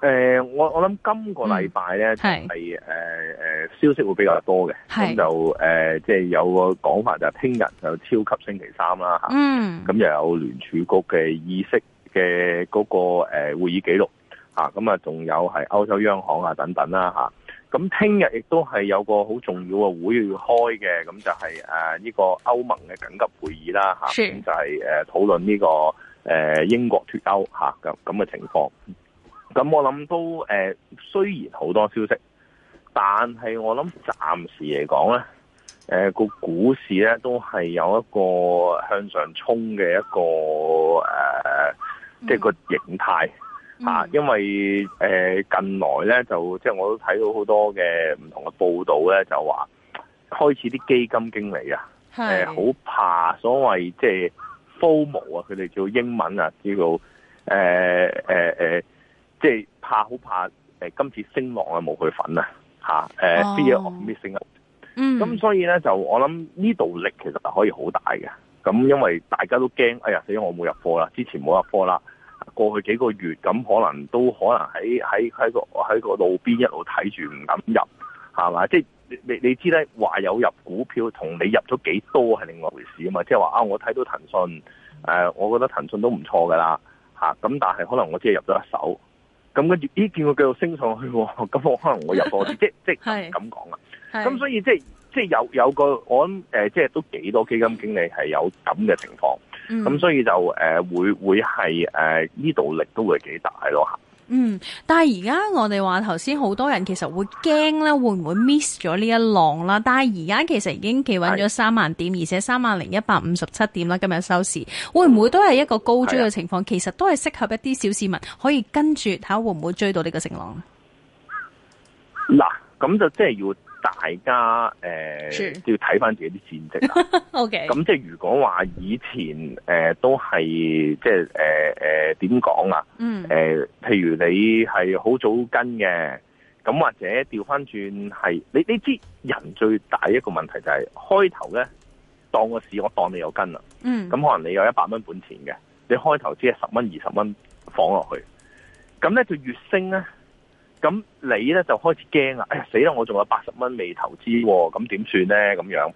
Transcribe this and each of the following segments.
誒、呃，我我諗今個禮拜咧係誒誒消息會比較多嘅，咁是就誒即係有個講法就係聽日就超級星期三啦吓，咁、啊、又、嗯、有聯儲局嘅議息嘅嗰個誒會議記錄，吓咁啊，仲有係歐洲央行啊等等啦吓，咁聽日亦都係有個好重要嘅會議要開嘅，咁就係誒呢個歐盟嘅緊急會議啦吓、啊是嗯，就係誒討論呢個誒、啊、英國脫歐吓咁咁嘅情況。咁我諗都誒、呃，雖然好多消息，但係我諗暫時嚟講咧，誒、呃、個股市咧都係有一個向上衝嘅一個誒，即、呃、係、就是、個形態、嗯啊、因為誒、呃、近來咧就即係、就是、我都睇到好多嘅唔同嘅報道咧，就話開始啲基金經理啊，好是、呃、怕所謂即係、就是、FOMO 啊，佢哋叫英文啊，叫做誒誒即係怕好怕誒、呃，今次升浪就去啊冇佢份啊嚇誒，啲嘢 missing 咁，所以咧就我諗呢度力其實可以好大嘅，咁因為大家都驚，哎呀，死咗我冇入貨啦，之前冇入貨啦，過去幾個月咁可能都可能喺喺喺個喺個路邊一路睇住唔敢入，係嘛？即係你你知咧，話有入股票同你入咗幾多係另外回事啊嘛，即係話啊，我睇到騰訊誒、呃，我覺得騰訊都唔錯㗎啦嚇，咁但係可能我只係入咗一手。咁跟住，咦，見佢繼續升上去，咁我可能會入多啲， 即即咁講啊。咁 是所以即即有有個我諗誒、呃，即都幾多基金經理係有咁嘅情況，咁、嗯、所以就誒、呃、會會係誒呢度力都會幾大咯。嗯，但係而家我哋話頭先好多人其實會驚咧，會唔會 miss 咗呢一浪啦？但係而家其實已經企穩咗三萬點，而且三萬零一百五十七點啦，今日收市，會唔會都係一個高追嘅情況？是的其實都係適合一啲小市民可以跟住睇下會唔會追到呢個成浪。嗱，咁就即係要。大家誒、呃嗯、都要睇翻自己啲戰績。 OK。咁即係如果話以前誒、呃、都係即係誒誒點講啊？嗯。誒、呃，譬如你係好早跟嘅，咁或者調翻轉係你你知人最大一個問題就係、是、開頭咧，當個市我當你有跟啦。嗯。咁可能你有一百蚊本錢嘅，你開頭只係十蚊二十蚊放落去，咁咧就越升咧。咁你咧就開始驚啦！哎呀死啦！我仲有八十蚊未投資喎，咁點算咧？咁樣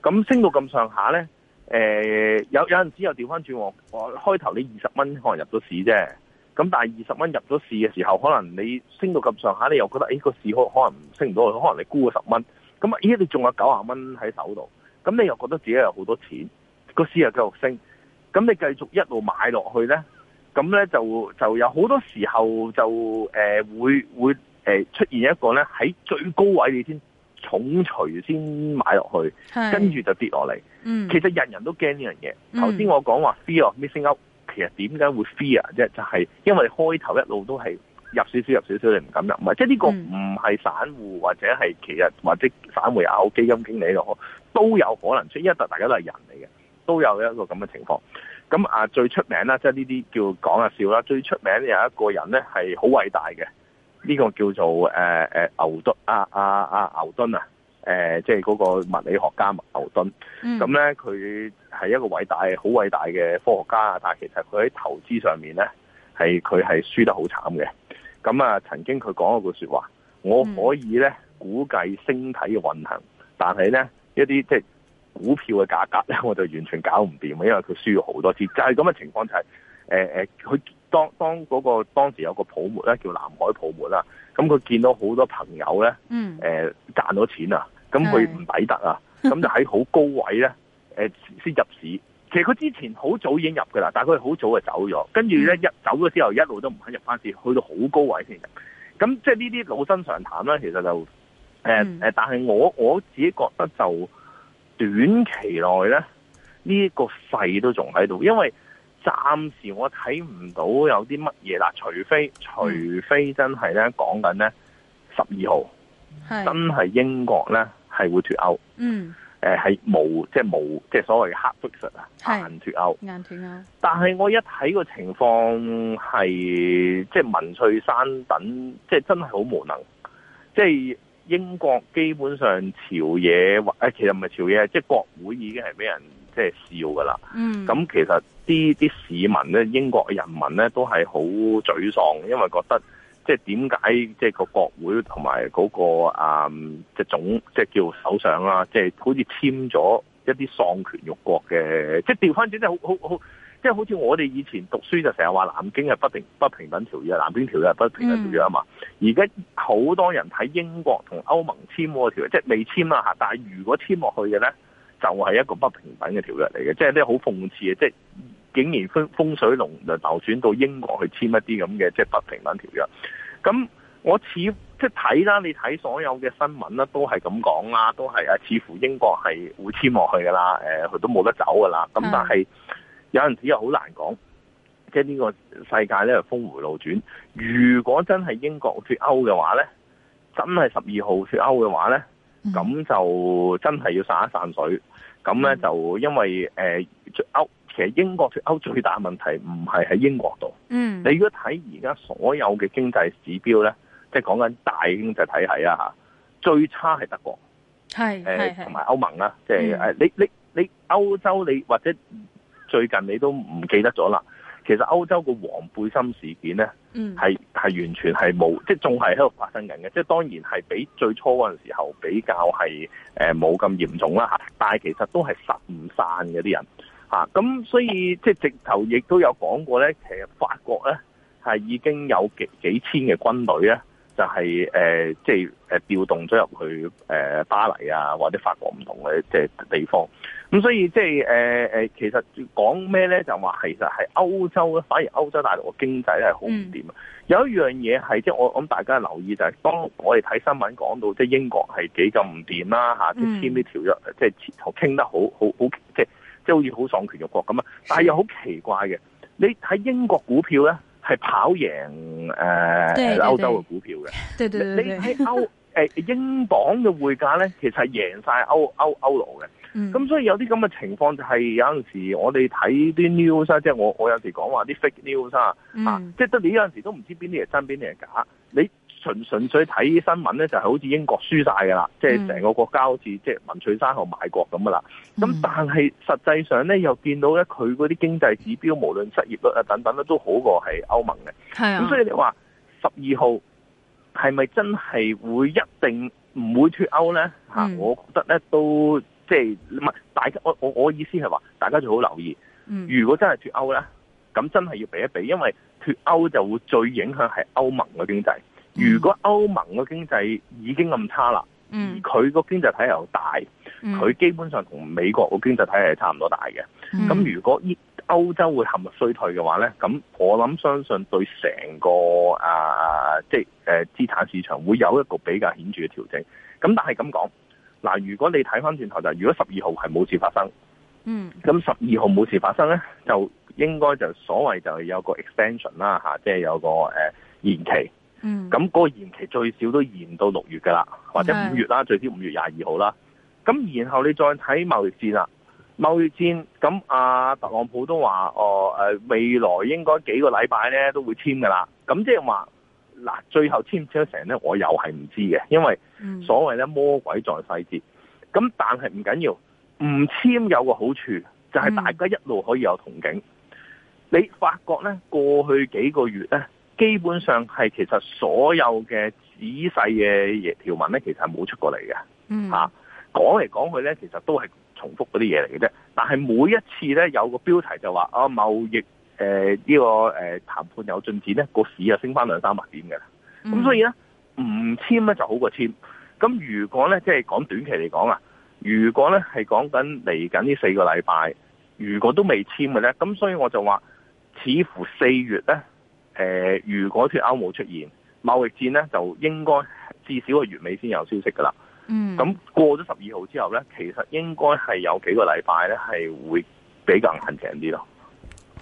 咁升到咁上下咧？誒、呃、有有陣時又調翻轉喎！我開頭你二十蚊可能入咗市啫，咁但係二十蚊入咗市嘅時候，可能你升到咁上下，你又覺得咦，個、哎、市可可能升唔到去，可能你沽個十蚊，咁啊依家你仲有九啊蚊喺手度，咁你又覺得自己有好多錢，個市又繼續升，咁你繼續一路買落去咧？咁咧就就有好多時候就誒、呃、會會誒、呃、出現一個咧喺最高位你先重除先買落去，是跟住就跌落嚟。嗯，其實人人都驚呢樣嘢。頭先我講話 fear of missing out，、嗯、其實點解會 fear 啫？就係、是、因為你開頭一路都係入少少入少少，你唔敢入，唔係即係呢個唔係散戶或者係其實或者返回咬基金經理咯，都有可能出。因為大家都係人嚟嘅，都有一個咁嘅情況。咁啊，最出名啦，即係呢啲叫講下笑啦。最出名有一個人咧係好偉大嘅，呢、這個叫做誒誒、呃、牛頓啊啊啊牛頓啊，誒即係嗰個物理學家牛頓。咁咧佢係一個偉大、好偉大嘅科學家啊，但係其實佢喺投資上面咧係佢係輸得好慘嘅。咁啊，曾經佢講一句説話：我可以咧估計星體嘅運行，嗯、但係咧一啲即係。即係股票嘅價格咧，我就完全搞唔掂，因為佢輸咗好多次，就係咁嘅情況就係、是，誒、呃、誒，佢當當嗰、嗰個當時有個泡沫咧，叫南海泡沫啦。咁佢見到好多朋友咧，誒、嗯呃、賺到錢啊，咁佢唔抵得啊，咁是就喺好高位咧，誒、呃、先入市。其實佢之前好早已經入噶啦，但係佢好早就走咗，跟住咧、嗯、一走咗之後，一路都唔肯入翻市，去到好高位先入。咁即係呢啲老生常談啦。其實就誒誒，呃嗯、但係我我自己覺得就。短期內咧，呢、這個勢都仲喺度，因為暫時我睇唔到有啲乜嘢啦，除非除非真係咧講緊咧十二號、mm. 真係英國咧係會脫歐嗯，誒係冇即係冇即係所謂 hard Brexit 啊，硬脫歐，硬脫歐。但係我一睇個情況係、mm. 即係文翠珊等，即係真係好無能，即係。英國基本上朝野，誒其實唔係朝野，即係國會已經係俾人即係笑嘅啦。嗯，咁其實啲啲市民咧，英國人民咧都係好沮喪，因為覺得即係點解即係個國會同埋嗰個誒即係總即係叫首相啦，即係好似簽咗一啲喪權辱國嘅，即係調翻轉即係好好好。即係好似我哋以前讀書就成日話南京係不平不平等條約，南京條約係不平等條約啊嘛。而家好多人睇英國同歐盟簽嗰條約，即係未簽啊吓。但係如果簽落去嘅咧，就係一個不平等嘅條約嚟嘅。即係啲好諷刺嘅，即係竟然風，風水龍就流轉到英國去簽一啲咁嘅即係不平等條約。咁我似即係睇啦，你睇所有嘅新聞啦，都係咁講啦，都係啊，似乎英國係會簽落去噶啦，誒，佢都冇得走噶啦。咁但係。Mm. 有陣時又好難講，即係呢個世界咧，峰回路轉。如果真係英國脱歐嘅話咧，真係十二號脱歐嘅話咧，咁就真係要散一散水。咁咧、嗯、就因為誒脱、呃、歐，其實英國脱歐最大問題唔係喺英國度。嗯，你如果睇而家所有嘅經濟指標咧，即、就、係、是、講緊大經濟體系啊，嚇最差係德國係、係同埋歐盟啦、啊，即係誒你你你歐洲你或者。最近你都唔記得咗啦，其實歐洲個黃背心事件咧，嗯，係係完全係冇，即係仲係喺度發生緊嘅，即係當然係比最初嗰陣時候比較係冇咁嚴重啦嚇，但係其實都係實唔散嘅啲人咁、啊、所以即係直頭亦都有講過咧，其實法國咧係已經有幾，幾千嘅軍隊咧，就係、是呃、即係調動咗入去、呃、巴黎啊或者法國唔同嘅即係地方。咁所以即係誒誒，其實講咩咧？就話其實係歐洲咧，反而歐洲大陸嘅經濟咧係好唔掂啊！嗯、有一樣嘢係即係我，我諗大家留意就係、是，當我哋睇新聞講到，即係英國係幾咁唔掂啦吓，即簽啲條約，嗯、即係前頭傾得好好好，即係好似好喪權辱國咁啊！但係又好奇怪嘅，嗯、你睇英國股票咧係跑贏誒歐洲嘅股票嘅，呃、對對對，你睇歐誒英鎊嘅匯價咧，其實係贏晒歐歐歐羅嘅。咁、嗯、所以有啲咁嘅情況，就係有陣時我哋睇啲 news 即係我我有時講話啲 fake news、嗯、啊，即係得你有時都唔知邊啲係真邊啲係假。你純純粹睇新聞咧，就係好似英國輸晒噶啦，即係成個國家好似即係文翠珊後賣國咁噶啦。咁、嗯、但係實際上咧，又見到咧佢嗰啲經濟指標，無論失業率啊等等咧，都好過係歐盟嘅。咁、嗯、所以你話十二號係咪真係會一定唔會脱歐咧？嚇、嗯，我覺得咧都。即係唔係大家？我我我意思係話，大家最好留意。如果真係脱歐咧，咁真係要比一比，因為脱歐就會最影響係歐盟嘅經濟。如果歐盟嘅經濟已經咁差啦，嗯，佢個經濟體又大，佢基本上同美國嘅經濟體係差唔多大嘅。咁如果呢歐洲會陷入衰退嘅話咧，咁我諗相信對成個啊即係誒資產市場會有一個比較顯著嘅調整。咁但係咁講。嗱，如果你睇翻轉頭就如果十二號係冇事發生，嗯，咁十二號冇事發生咧，就應該就所謂就有個 extension 啦，吓，即係有個呃延期，就是、延期嗯，咁嗰個延期最少都延到六月噶啦，或者五月啦，的最少五月廿二號啦，咁然後你再睇貿易戰啦，貿易戰，咁阿、啊、特朗普都話，哦、呃、未來應該幾個禮拜咧都會簽噶啦，咁即係話。嗱，最後簽唔簽得成咧，我又係唔知嘅，因為所謂咧魔鬼在細節。咁但係唔緊要，唔簽有個好處，就係、是、大家一路可以有憧憬。嗯、你發覺咧，過去幾個月咧，基本上係其實所有嘅仔細嘅嘢條文咧，其實係冇出過嚟嘅。嚇、嗯啊、講嚟講去咧，其實都係重複嗰啲嘢嚟嘅啫。但係每一次咧，有個標題就話啊貿易。誒呢個誒談判有進展咧，個市啊升翻兩三百點嘅啦。咁、嗯、所以咧唔簽咧就好過簽。咁如果咧即係講短期嚟講啊，如果咧係講緊嚟緊呢四個禮拜，如果都未簽嘅咧，咁所以我就話，似乎四月咧誒、呃，如果脫歐冇出現貿易戰咧，就應該至少係月尾先有消息㗎啦。嗯。咁過咗十二號之後咧，其實應該係有幾個禮拜咧係會比較硬淨啲咯。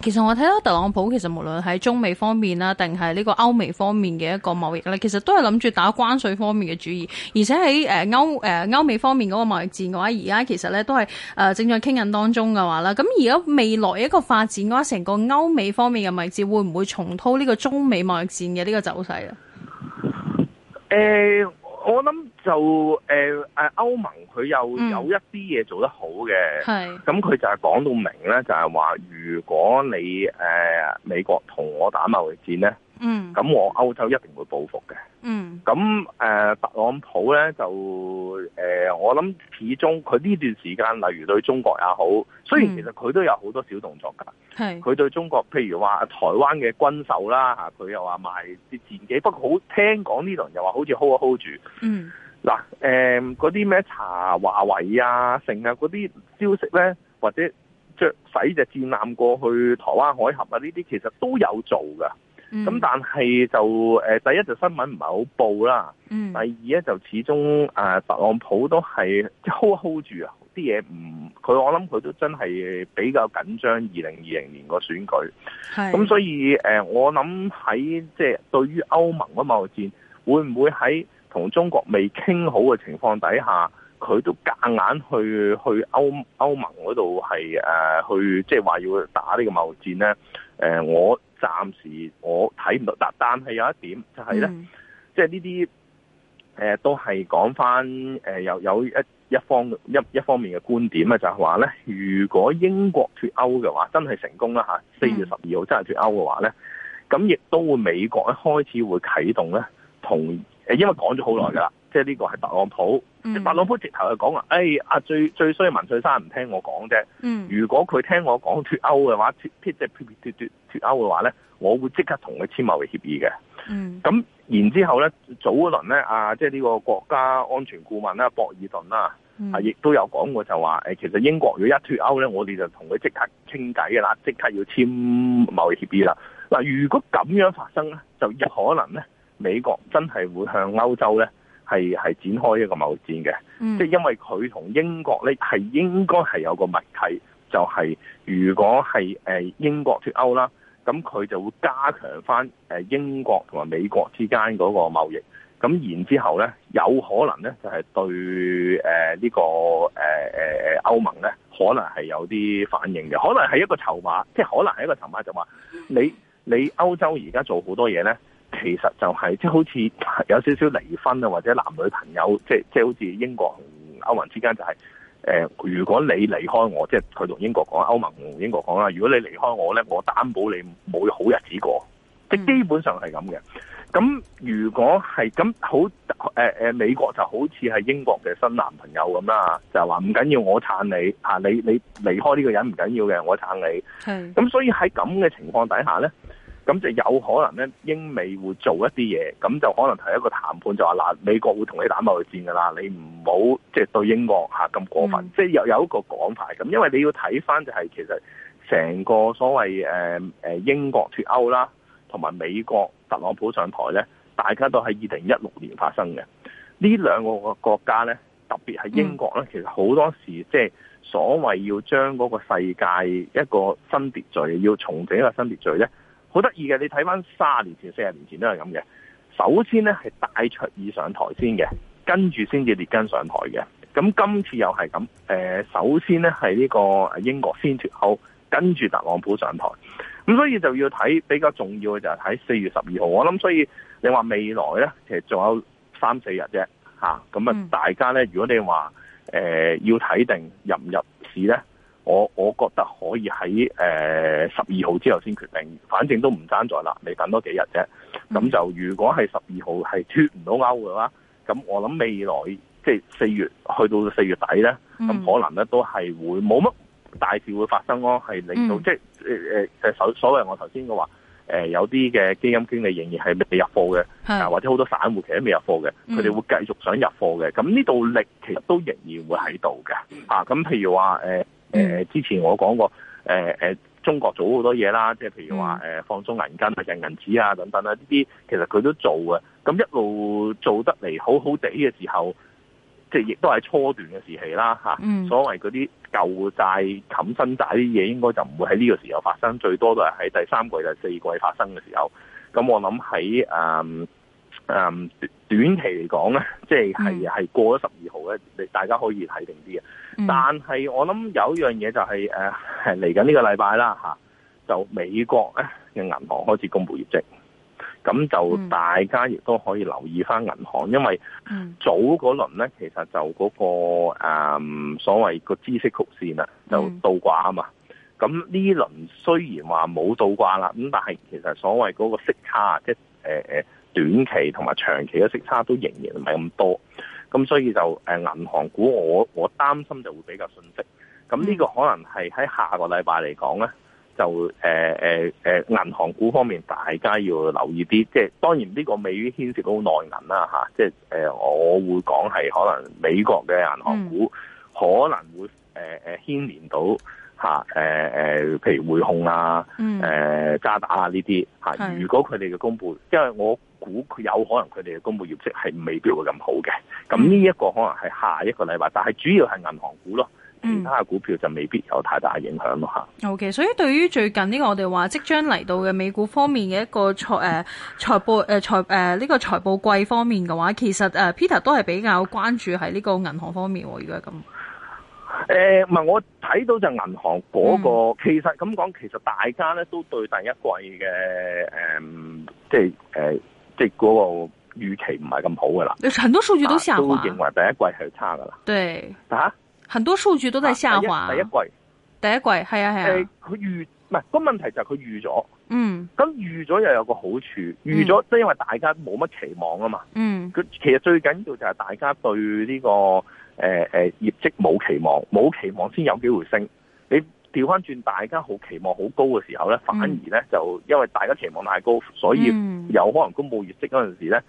其實我睇到特朗普其實無論喺中美方面啦，定係呢個歐美方面嘅一個貿易咧，其實都係諗住打關稅方面嘅主意。而且喺誒歐誒歐美方面嗰個貿易戰嘅話，而家其實咧都係誒正在傾緊當中嘅話啦。咁而家未來一個發展嘅話，成個歐美方面嘅貿易戰會唔會重蹈呢個中美貿易戰嘅呢個走勢啊？誒、欸。我諗就誒誒、呃、歐盟佢又有一啲嘢做得好嘅，咁佢、嗯嗯、就係講到明咧，就係、是、話如果你誒、呃、美國同我打貿易戰咧。嗯，咁我歐洲一定會報復嘅。嗯，咁誒、呃，特朗普咧就誒、呃，我諗始終佢呢段時間，例如對中國也好，雖然其實佢都有好多小動作㗎。佢、嗯、對中國譬如話台灣嘅軍售啦，佢又話賣啲戰機，不過聽好聽講呢輪又話好似 hold hold 住。嗯，嗱誒，嗰啲咩查華為啊，成呀嗰啲消息咧，或者著使隻戰艦過去台灣海峽啊，呢啲其實都有做㗎。咁、嗯、但係就第一就新聞唔係好報啦，嗯、第二咧就始終誒特朗普都係 hold hold 住啊！啲嘢唔佢我諗佢都真係比較緊張二零二零年個選舉，咁是所以誒、啊、我諗喺即係對於歐盟嗰個貿易戰，會唔會喺同中國未傾好嘅情況底下，佢都夾硬去去歐歐盟嗰度係誒去即係話要打呢個貿易戰咧？誒、呃，我暫時我睇唔到，但係有一點就係咧，mm. 即係呢啲誒，都係講翻誒，有有一一方一一方面嘅觀點就係話咧，如果英國脫歐嘅話，真係成功啦吓，四月十二號真係脫歐嘅話咧，咁亦、mm. 都會美國咧開始會啟動咧，同誒，因為講咗好耐㗎喇。Mm. 即係呢個係特朗普、嗯，特朗普直頭就講話！誒、哎，阿最最衰文翠珊唔聽我講啫。嗯、如果佢聽我講脫歐嘅話，脫即係脫脫脫歐嘅話咧，我會即刻同佢簽貿易協議嘅。咁、嗯、然之後咧，早一輪咧，即係呢個國家安全顧問啦、啊，博爾頓啦，啊，亦、嗯啊、都有講過就話誒、哎，其實英國如果一脫歐咧，我哋就同佢即刻傾偈嘅啦，即刻要簽貿易協議啦。嗱、啊，如果咁樣發生咧，就有可能咧，美國真係會向歐洲咧。係係展開一個貿易戰嘅，即係、嗯、因為佢同英國咧係應該係有個默契，就係、係、如果係誒英國脫歐啦，咁佢就會加強翻誒英國同埋美國之間嗰個貿易，咁然之後咧，有可能咧就係、係、對誒、呃這個呃、呢個誒誒歐盟咧，可能係有啲反應嘅，可能係一個籌碼，即係可能係一個籌碼就話你你歐洲而家做好多嘢咧。其實就係、是、即係好似有少少離婚啊，或者男女朋友，即係即係好似英國同歐盟之間就係、是，誒、呃，如果你離開我，即係佢同英國講，歐盟同英國講啦，如果你離開我咧，我擔保你冇好日子過，即基本上係咁嘅。咁、嗯、如果係咁好，誒、呃、誒，美國就好似係英國嘅新男朋友咁啦，就話唔緊要，我撐你吓、啊，你你離開呢個人唔緊要嘅，我撐你。係是。咁所以喺咁嘅情況底下咧，咁就有可能咧，英美會做一啲嘢，咁就可能提一個談判就，就話嗱，美國會同你打貿戰㗎啦，你唔好即係對英國下咁過分，即係有有一個講法咁。因為你要睇翻就係其實成個所謂誒英國脱歐啦，同埋美國特朗普上台咧，大家都喺二零一六年發生嘅呢兩個嘅國家咧，特別係英國咧，mm. 其實好多時即係所謂要將嗰個世界一個新秩序，要重整一個新秩序咧。好得意嘅，你睇翻卅年前、四十年前都係咁嘅。首先咧係戴卓爾上台先嘅，跟住先至列根上台嘅。咁今次又係咁，誒首先咧係呢個英國先脱歐，跟住特朗普上台。咁所以就要睇比較重要嘅就係睇四月十二號。我諗所以你話未來咧，其實仲有三四日啫嚇。咁啊，大家咧，如果你話、呃、要睇定入唔入市咧？我我覺得可以喺誒十二號之後先決定，反正都唔爭在啦，你等多幾日啫。咁、嗯、就如果係十二號係脱唔到歐嘅話，咁我諗未來即係四月去到四月底咧，咁、嗯、可能咧都係會冇乜大事會發生咯，係令到即係誒誒，就、呃、首所、所謂我頭先嘅話，呃、有啲嘅基金經理仍然係未入貨嘅，是或者好多散戶其實未入貨嘅，佢哋、嗯、會繼續想入貨嘅，咁呢度力其實都仍然會喺度嘅。啊，咁譬如話誒、嗯、之前我講過，誒、呃、中國做好多嘢啦，即係譬如話放鬆銀根啊、印銀紙啊等等啊呢啲其實佢都做嘅，咁一路做得嚟好好地嘅時候，即係亦都係初段嘅時期啦，嚇嗯、所謂嗰啲舊債冚新債嘅嘢，應該就唔會喺呢個時候發生，最多都係喺第三季、第四季發生嘅時候。咁我諗喺誒。嗯誒，um, 短期嚟講咧，即係係係過咗十二號咧，你、嗯、大家可以睇定啲嘅。嗯、但係我諗有一樣嘢就係、是、誒，嚟緊呢個禮拜啦吓，就美國咧嘅銀行開始公布業績，咁就大家亦都可以留意翻銀行，因為早嗰輪咧其實就嗰、那個誒、嗯、所謂個孳息曲線啊，就倒掛啊嘛。咁呢輪雖然話冇倒掛啦，咁但係其實所謂嗰個息差即係誒誒。就是呃短期同埋長期嘅息差都仍然唔係咁多，咁所以就誒銀行股我，我我擔心就會比較遜色。咁呢個可能係喺下個禮拜嚟講咧，就誒誒誒銀行股方面，大家要留意啲。即係當然呢個未牽涉到內銀啦，嚇、啊。即係誒、呃，我會講係可能美國嘅銀行股可能會誒誒、呃、牽連到。吓，誒誒、啊，譬、呃、如匯控啊，誒渣、嗯啊、打這些啊呢啲吓，如果佢哋嘅公布，是因為我估有可能佢哋嘅公布業績係未必會咁好嘅，咁呢一個可能係下一個禮拜，但係主要係銀行股咯，其他嘅股票就未必有太大嘅影響咯吓。嗯、o、okay, K，所以對於最近呢個我哋話即將嚟到嘅美股方面嘅一個財誒財報誒財誒呢個財報季方面嘅話，其實誒 Peter 都係比較關注喺呢個銀行方面喎，如果係咁。誒，唔係、呃、我睇到就銀行嗰、嗰個，嗯、其實咁講，其實大家咧都對第一季嘅誒、嗯，即係誒、呃，即係嗰個預期唔係咁好噶啦。很多數據都下滑，都認為第一季係差噶啦。對啊，很多數據都在下滑。啊、第一季，第一季，係啊係啊。誒，佢預唔係個問題就係佢預咗。嗯。咁預咗又有個好處，預咗即係因為大家冇乜期望啊嘛。嗯。佢其實最緊要就係大家對呢、呢個。誒誒、呃，業績冇期望，冇期望先有機會升。你調翻轉，大家好期望好高嘅時候咧，嗯、反而咧就因為大家期望太高，所以有可能公布業績嗰陣時咧，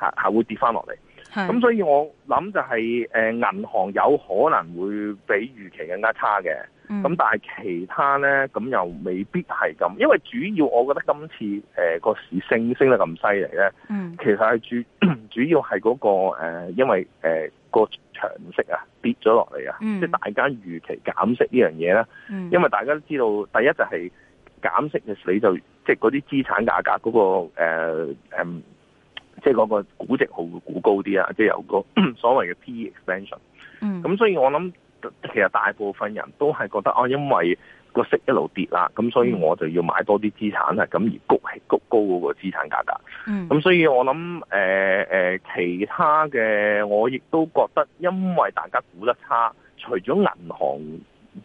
吓、嗯、會跌翻落嚟。咁是所以我諗就係、是、誒，呃、銀行有可能會比預期更加差嘅。咁、嗯、但係其他咧，咁又未必係咁，因為主要我覺得今次誒個、呃、市升升得咁犀利咧，嗯、其實係主咳咳主要係嗰、那個誒、呃，因為誒、呃、個。長息啊，跌咗落嚟啊，即係、嗯、大家預期減息呢樣嘢咧，嗯、因為大家都知道，第一就係減息嘅時，你就即係嗰啲資產價格嗰、嗰個誒即係嗰個估值號會估高啲啊，即係由個所謂嘅 PE expansion，e 咁、嗯、所以我諗其實大部分人都係覺得啊，因為。個息一路跌啦，咁所以我就要買多啲資產啦，咁、嗯、而谷係谷高嗰個資產價格，嗯，咁所以我諗，誒、呃、誒，其他嘅我亦都覺得，因為大家估得差，除咗銀行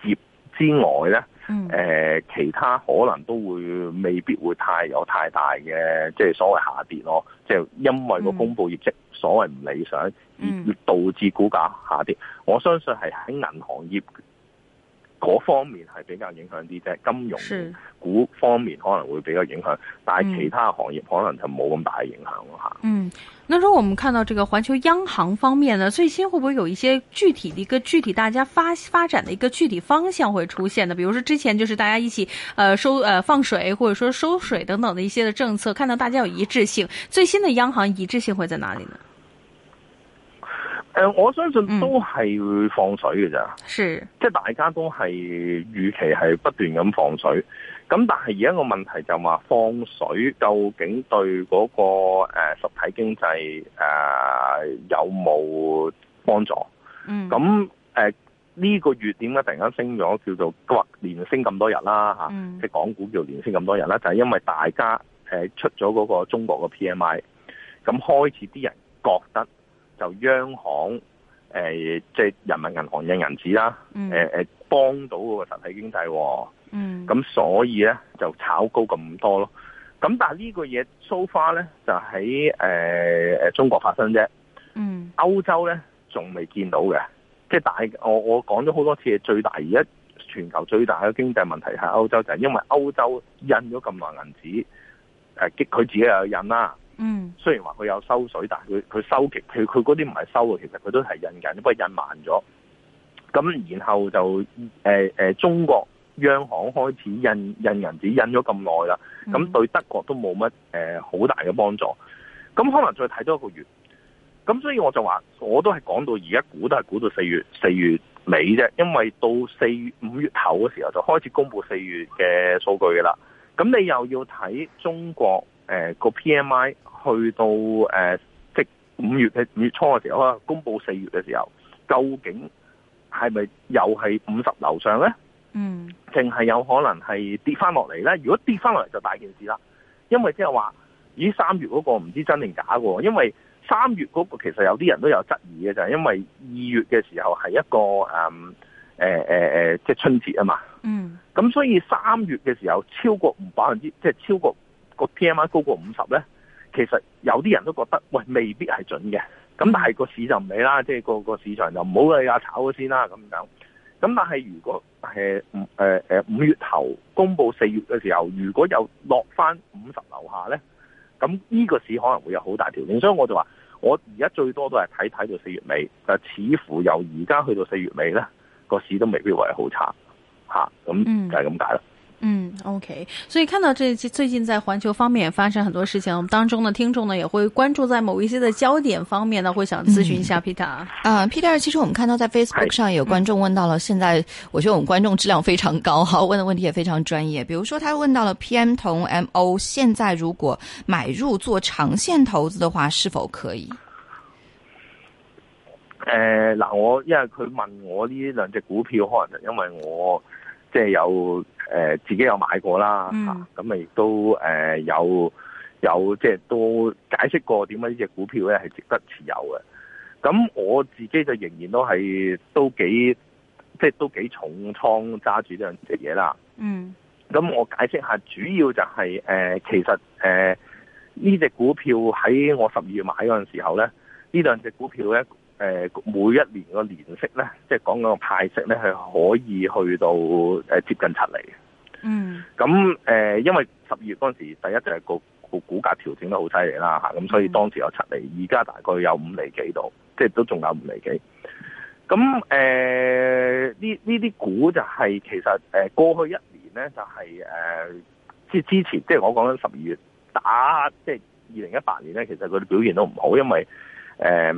業之外咧，誒、呃，其他可能都會未必會太有太大嘅，即係所謂下跌咯，即係因為個公布業績所謂唔理想，而導致股價下跌。我相信係喺銀行業。嗰方面係比較影響啲即係，金融股方面可能會比較影響，是但係其他行業可能就冇咁大影響咯嚇。嗯，那如果我們看到這個環球央行方面呢，最新會不會有一些具體的一個具體大家發，發展的一個具體方向會出現呢？比如說之前就是大家一起，呃收呃放水，或者說收水等等的一些的政策，看到大家有一致性，最新的央行一致性會在哪裡呢？誒、呃，我相信都係會放水嘅咋，是即係大家都係預期係不斷咁放水，咁但係而家個問題就話放水究竟對嗰、那個誒、呃、實體經濟誒、呃、有冇幫助？嗯，咁誒呢個月點解突然間升咗叫做連升咁多日啦、啊、吓？嗯、即係港股叫連升咁多日啦、啊，就係、是、因為大家誒出咗嗰個中國嘅 P M I，咁開始啲人覺得。就央行誒，即、呃、係、就是、人民銀行印銀紙啦，誒、呃、誒，幫到個實體經濟、哦，咁、嗯、所以咧就炒高咁多咯。咁但係呢個嘢 so far 咧就喺誒誒中國發生啫，嗯、歐洲咧仲未見到嘅，即係但係我我講咗好多次嘅最大而家全球最大嘅經濟問題係歐洲，就係、是、因為歐洲印咗咁耐銀紙，誒激佢自己又印啦。嗯，雖然話佢有收水，但係佢佢收極，佢佢嗰啲唔係收啊，其實佢都係印緊，只不過印慢咗。咁然後就誒誒、呃呃，中國央行開始印印銀紙，印咗咁耐啦。咁對德國都冇乜誒好大嘅幫助。咁可能再睇多一個月。咁所以我就話，我都係講到而家估都係估到四月四月尾啫，因為到四月五月頭嘅時候就開始公布四月嘅數據噶啦。咁你又要睇中國。誒個、呃、P M I 去到誒、呃、即五月嘅五月初嘅時候，啊，公佈四月嘅時候，究竟係咪又係五十樓上咧？嗯，淨係有可能係跌翻落嚟咧。如果跌翻落嚟就大件事啦，因為即係話咦，三月嗰個唔知真定假喎！因為三月嗰個其實有啲人都有質疑嘅，就係因為二月嘅時候係一個誒誒誒，即係春節啊嘛。嗯，咁、呃呃嗯、所以三月嘅時候超過唔百分之，即、就、係、是、超過。個 P.M.I 高過五十咧，其實有啲人都覺得，喂，未必係準嘅。咁但係個市就唔理啦，即係個個市場就唔好理，啊炒咗先啦，咁樣。咁但係如果係誒誒五月頭公佈四月嘅時候，如果有落翻五十樓下咧，咁呢個市可能會有好大條件。所以我就話，我而家最多都係睇睇到四月尾，但係似乎由而家去到四月尾咧，個市都未必會係好差吓，咁就係咁解啦。嗯嗯，OK，所以看到這最近在環球方面也發生很多事情，我們當中的聽眾呢也會關注在某一些的焦點方面呢，會想諮詢一下 Peter 啊。嗯 uh, Peter 其實我們看到在 Facebook 上有觀眾問到了，現在是、嗯、我覺得我們觀眾質量非常高哈，問的問題也非常專業。比如說他問到了 PM 同 MO，現在如果買入做長線投資的話，是否可以？誒、呃，那我因為佢問我呢兩隻股票，可能就因為我即係有。誒、呃、自己有買過啦，咁亦、嗯啊、都誒有有即係都解釋過點解呢隻股票咧係值得持有嘅。咁我自己就仍然都係都幾即係、就是、都幾重倉揸住呢兩隻嘢啦。嗯，咁我解釋下，主要就係、是呃、其實誒呢隻股票喺我十二月買嗰陣時候咧，呢兩隻股票咧。誒每一年個年息咧，即係講緊個派息咧，係可以去到誒接近七厘嘅。嗯。咁誒，因為十二月嗰陣時，第一就係個個股價調整得好犀利啦嚇，咁所以當時有七厘，而家大概有五厘幾度，即係都仲有五厘幾。咁誒呢呢啲股就係其實誒過去一年咧，就係誒即係之前，即係我講緊十二月打，即係二零一八年咧，其實佢哋表現都唔好，因為誒、呃。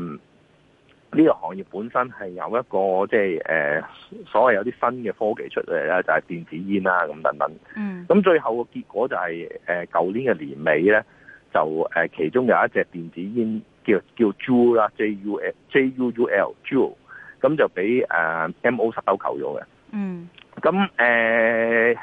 呢個行業本身係有一個即係誒所謂有啲新嘅科技出嚟啦，就係、是、電子煙啦咁等等。嗯。咁最後嘅結果就係誒舊年嘅年尾咧，就誒、呃、其中有一隻電子煙叫叫 Juul 啦，J U J U U L Juul 咁就俾誒 M O 收購咗嘅。嗯。咁誒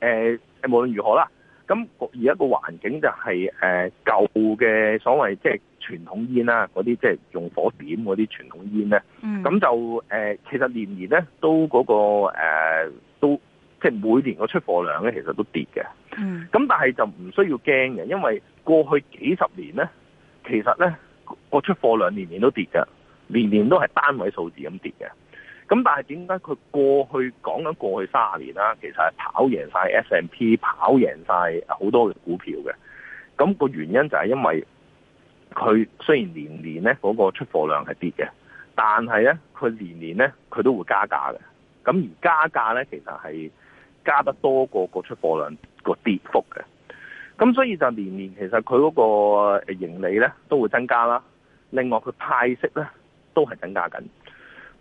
誒無論如何啦，咁而家個環境就係、是、誒、呃、舊嘅所謂即係。就是傳統煙啦，嗰啲即係用火點嗰啲傳統煙咧，咁、嗯、就誒、呃，其實年年咧都嗰、那個、呃、都即係每年個出貨量咧，其實都跌嘅。咁、嗯、但係就唔需要驚嘅，因為過去幾十年咧，其實咧個出貨量年年都跌嘅，年年都係單位數字咁跌嘅。咁但係點解佢過去講緊過去三十年啦，其實係跑贏晒 S&P，跑贏晒好多嘅股票嘅。咁、那個原因就係因為。佢雖然年年咧嗰個出貨量係跌嘅，但係咧佢年年咧佢都會加價嘅。咁而加價咧其實係加得多過個出貨量個跌幅嘅。咁所以就年年其實佢嗰個盈利咧都會增加啦。另外佢派息咧都係增加緊。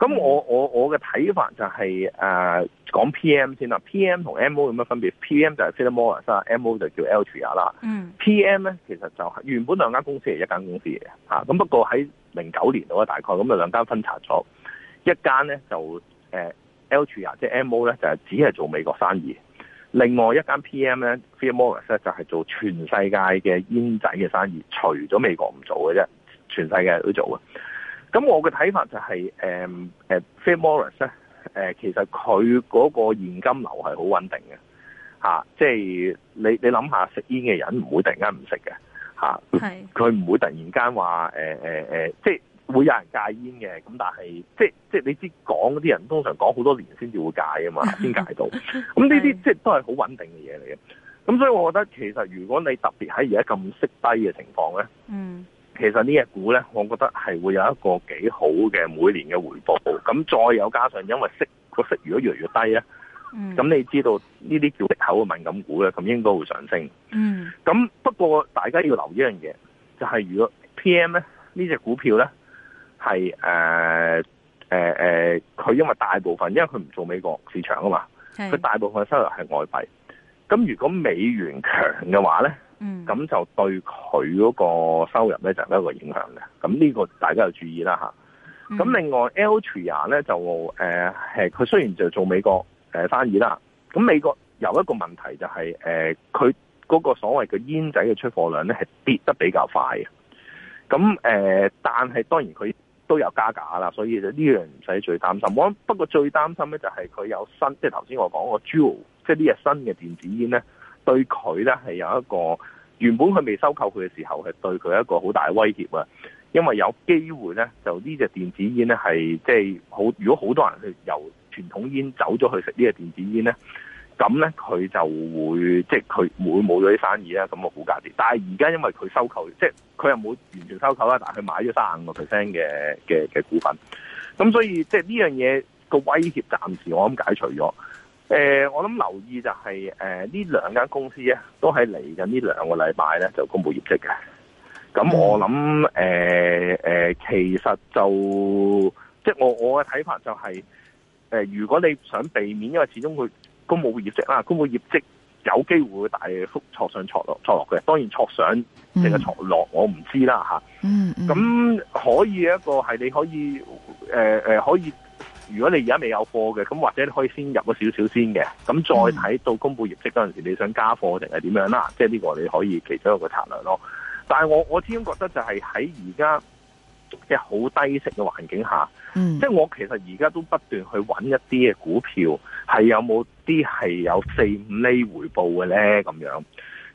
咁我我我嘅睇法就係、是、誒、呃、講 PM 先啦，PM 同 MO 有乜分別？PM 就係 Philip Morris 啊，MO 就叫 Altria、e、啦。嗯。PM 咧其實就是、原本兩間公司嚟、啊，一間公司嘅咁，不過喺零九年到啊，大概咁就兩間分拆咗，一間咧就誒 Altria，即係 MO 咧就係只係做美國生意，另外一間 PM 咧 Philip Morris 咧就係、是、做全世界嘅煙仔嘅生意，除咗美國唔做嘅啫，全世界都做啊。咁我嘅睇法就係、是，誒、um, 誒、uh, Philip Morris 咧、uh，其實佢嗰個現金流係好穩定嘅，uh, 即係你你諗下食煙嘅人唔會突然間唔食嘅，嚇、uh, 是，佢唔會突然間話、uh, uh, uh, 即係會有人戒煙嘅，咁但係即即係你知講嗰啲人通常講好多年先至會戒啊嘛，先 戒到，咁呢啲即係都係好穩定嘅嘢嚟嘅，咁是所以我覺得其實如果你特別喺而家咁息低嘅情況咧，嗯。其實呢隻股咧，我覺得係會有一個幾好嘅每年嘅回報。咁再有加上，因為息個息如果越嚟越低呢，咁、嗯、你知道呢啲叫息口嘅敏感股咧，咁應該會上升。嗯。咁不過大家要留意一樣嘢，就係、是、如果 PM 咧呢隻、這個、股票咧係誒誒誒，佢、呃呃、因為大部分因為佢唔做美國市場啊嘛，佢是大部分嘅收入係外幣。咁如果美元強嘅話咧？咁、嗯、就對佢嗰個收入咧，就有一個影響嘅。咁呢個大家要注意啦嚇。咁、嗯、另外，Altria 咧就誒佢、呃、雖然就做美國誒、呃、生意啦。咁美國有一個問題就係誒佢嗰個所謂嘅煙仔嘅出貨量咧係跌得比較快嘅。咁誒、呃，但係當然佢都有加價啦，所以呢樣唔使最擔心。我不過最擔心咧就係佢有新，即係頭先我講個 Juul，即係呢隻新嘅電子煙咧。對佢咧係有一個原本佢未收購佢嘅時候係對佢一個好大嘅威脅啊，因為有機會咧就呢隻電子煙咧係即係好，如果好多人去由傳統煙走咗去食呢隻電子煙咧，咁咧佢就會即係佢會冇咗啲生意啊，咁個股價跌。但係而家因為佢收購，即係佢又冇完全收購啦，但係佢買咗三十五個 percent 嘅嘅嘅股份，咁所以即係呢樣嘢個威脅暫時我諗解除咗。誒、呃，我諗留意就係誒呢兩間公司咧，都係嚟緊呢兩個禮拜咧就公布業績嘅。咁我諗誒誒，其實就即係我我嘅睇法就係、是、誒、呃，如果你想避免，因為始終佢公布業績啦，公布業績有機會大幅挫上挫落挫落嘅。當然挫上定係挫落，我唔知啦吓。嗯，嗯，咁、嗯嗯、可以一個係你可以誒誒、呃、可以。如果你而家未有貨嘅，咁或者你可以先入咗少少先嘅，咁再睇到公布業績嗰陣時，你想加貨定係點樣啦？即係呢個你可以其中一個策略咯。但係我我始終覺得就係喺而家即係好低息嘅環境下，嗯、即係我其實而家都不斷去揾一啲嘅股票係有冇啲係有四五厘回報嘅咧咁樣，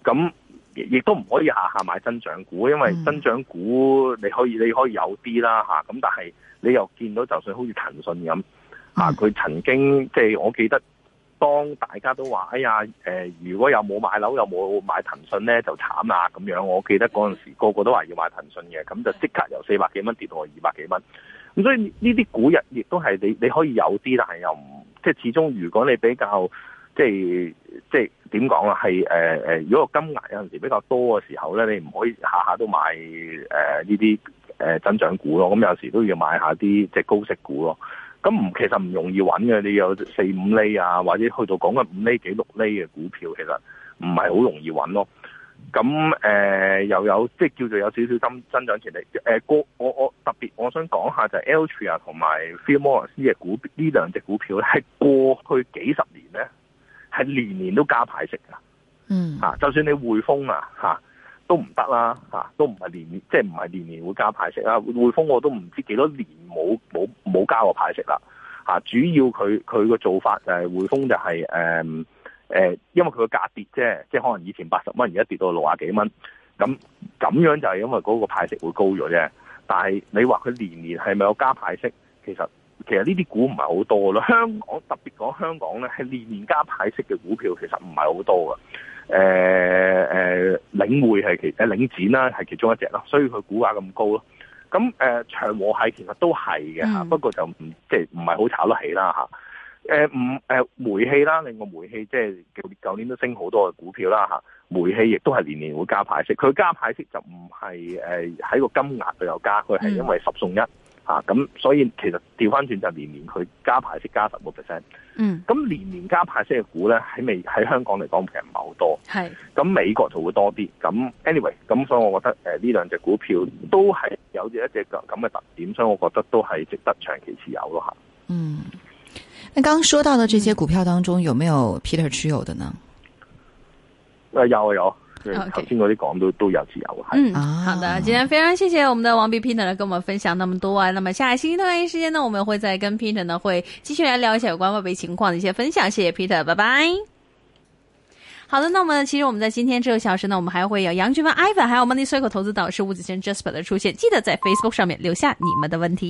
咁亦都唔可以下下買增長股，因為增長股你可以你可以有啲啦吓，咁但係。你又見到，就算好似騰訊咁，啊，佢曾經即係、就是、我記得，當大家都話，哎呀，呃、如果又冇買樓，又冇買騰訊咧，就慘啦咁樣。我記得嗰陣時，個個都話要買騰訊嘅，咁就即刻由四百幾蚊跌到去二百幾蚊。咁所以呢啲股亦都係你你可以有啲，但係又唔，即係始終，如果你比較即係即係點講啦，係、呃、如果個金額有陣時比較多嘅時候咧，你唔可以下下都買呢啲。呃誒，增長股咯，咁有時都要買一下啲即係高息股咯。咁唔，其實唔容易揾嘅。你有四五厘啊，或者去到講緊五厘幾六厘嘅股票，其實唔係好容易揾咯。咁誒、呃，又有即係叫做有少少增增長潛力。誒，過我我特別，我，我，特別我想講下就係 Altria 同埋 Phil Morris 嘅股呢兩隻股票，係過去幾十年咧係年年都加派息㗎。嗯，吓，就算你匯豐啊，吓。都唔得啦，嚇都唔係年，即係唔係年年會加派息啦，匯豐我都唔知幾多年冇冇冇加過派息啦，嚇主要佢佢個做法就係、是、匯豐就係、是、誒、嗯嗯、因為佢個價跌啫，即係可能以前八十蚊，而家跌到六啊幾蚊，咁咁樣就係因為嗰個派息會高咗啫。但係你話佢年年係咪有加派息？其實其實呢啲股唔係好多咯，香港特別講香港咧，係年年加派息嘅股票其實唔係好多噶。誒誒、呃呃，領匯係其誒、呃、領展啦，係其中一隻咯，所以佢股價咁高咯。咁誒、呃，長和係其實都係嘅吓，mm. 不過就唔即係唔係好炒得起啦吓。誒唔誒，煤氣啦，另外煤氣即係舊年都升好多嘅股票啦吓，煤氣亦都係年年會加派息，佢加派息就唔係誒喺個金額度有加，佢係因為十送一。Mm. 啊，咁所以其實調翻轉就是，年年佢加派息加十個 percent，嗯，咁年年加派息嘅股咧，喺未喺香港嚟講其實唔係好多，係是，咁美國就會多啲，咁 anyway，咁所以我覺得誒呢、呃、兩隻股票都係有住一隻咁咁嘅特點，所以我覺得都係值得長期持有咯吓。嗯，那剛剛說到嘅這些股票當中，有沒有 Peter 持有的呢？有、呃、有。有頭先嗰啲講都都有自由啊。Okay. 是嗯，好的，今天非常謝謝我們的王弼 Peter 跟我們分享那麼多啊，oh. 那麼下一星期同一時間呢，我們會再跟 Peter 呢會繼續來聊一下有關外圍情況的一些分享，謝謝 Peter，拜拜。 好的，那麼其實我們在今天這個小時呢，我們還會有楊俊文、Ivan，還有 Money Circle 投資導師吳子謙、Jasper 的出現，記得在 Facebook 上面留下你們的問題。